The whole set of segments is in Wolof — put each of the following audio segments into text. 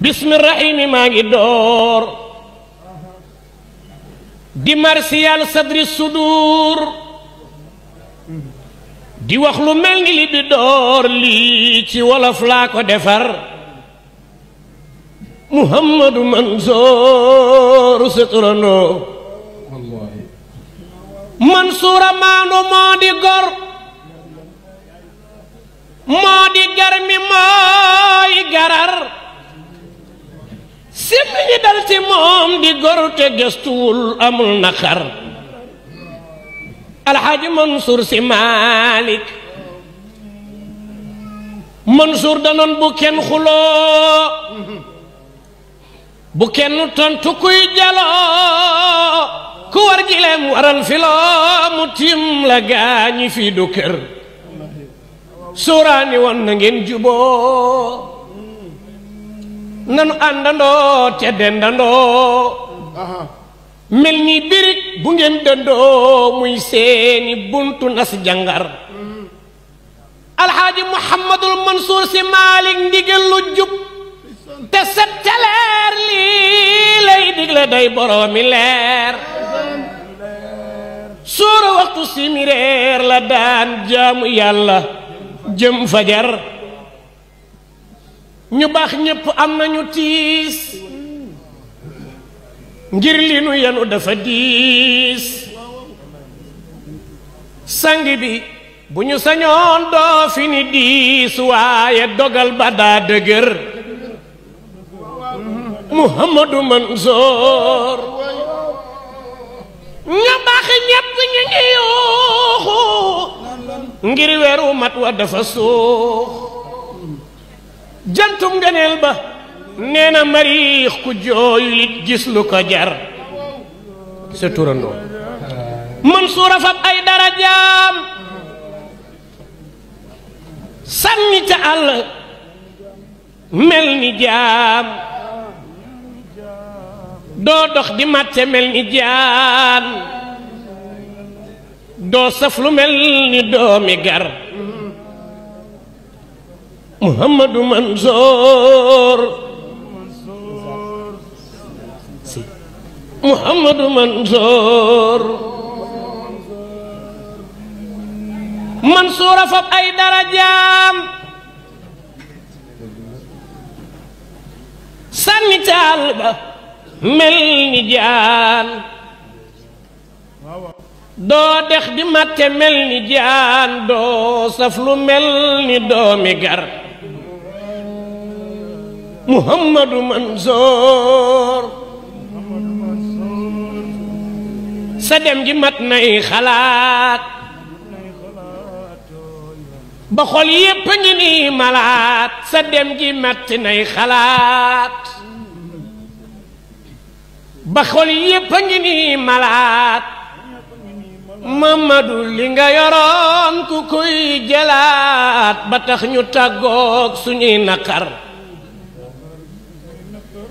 bismiraximi maa ngi door di marsiyal sadri sudur di wax lu mel ni li bi door lii ci wolof laa ko defar muhammadu mansoor sa turandoo mansuura maandu moo di gor moo di gar mi mooy garar simmi ñi dal ci moom di goru te gëstuwul amul naqar alxaaji Mansour si Malick Mansour danoon bu kenn xuloo bu kenn tontu kuy jaloo ku war gileem waral filoo mu tiim la gaañi fii du suuraani won na ngeen juboo nanu àndandoo te dendandoo mel ni birig bu ngeen dëndoo muy seeni buntu nas jàngar mm. alxaaji muhammadul mansuur si maalik ndigal jub te set ca leer lii lay digle day boroomi leer suura waxtu simireer la daan jaamu yàlla jëm fajar ñu baax ñépp am nañu tiis ngir li nu yenu dafa diis sang bi bu ñu sañoon doo fi ni diis waaye dogal ba daa dëgër Muhammadu Mansoor ngir weeru mat wa dafa suux jantum ngeneel ba nee na mariix ku jooyu lit gis ko jar sa turandoo man suura fab ay darajaam sànni ca àll mel ni jaam doo dox di màcce mel ni jaan doo saf lu mel ni doomi gar Muhammadu Mansoor si Muhammadu Mansoor Mansoor a ay darajaam sànni taal mel ni jaan doo dex di màtte mel ni jaan doo saf lu mel ni doomi gar muhammadu mansoor sa dem gi mat nay xalaat ba xol yépp a ngi nii malaat sa dem gi mat nay xalaat ba xol yépp a ngi nii malaat Mamadu li nga yoroon ku koy jëlaat ba tax ñu tàggoog suñuy naqar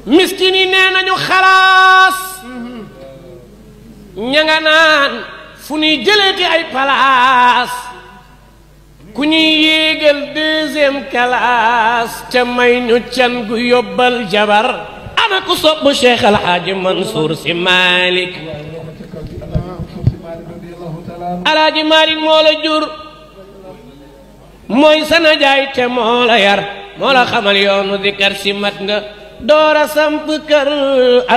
miskin yi nee nañu xalaas ña nga naan fu ñuy jëleeti ay palaas ku ñuy yéegal deuxième classe ca may ñu can gu yóbbal jabar ana ku sopp Cheikh El Hadj si Malick alaaji Maalik moo la jur mooy sana jaay te moo la yar moo la xamal yoonu di kar si mat nga doora samp kër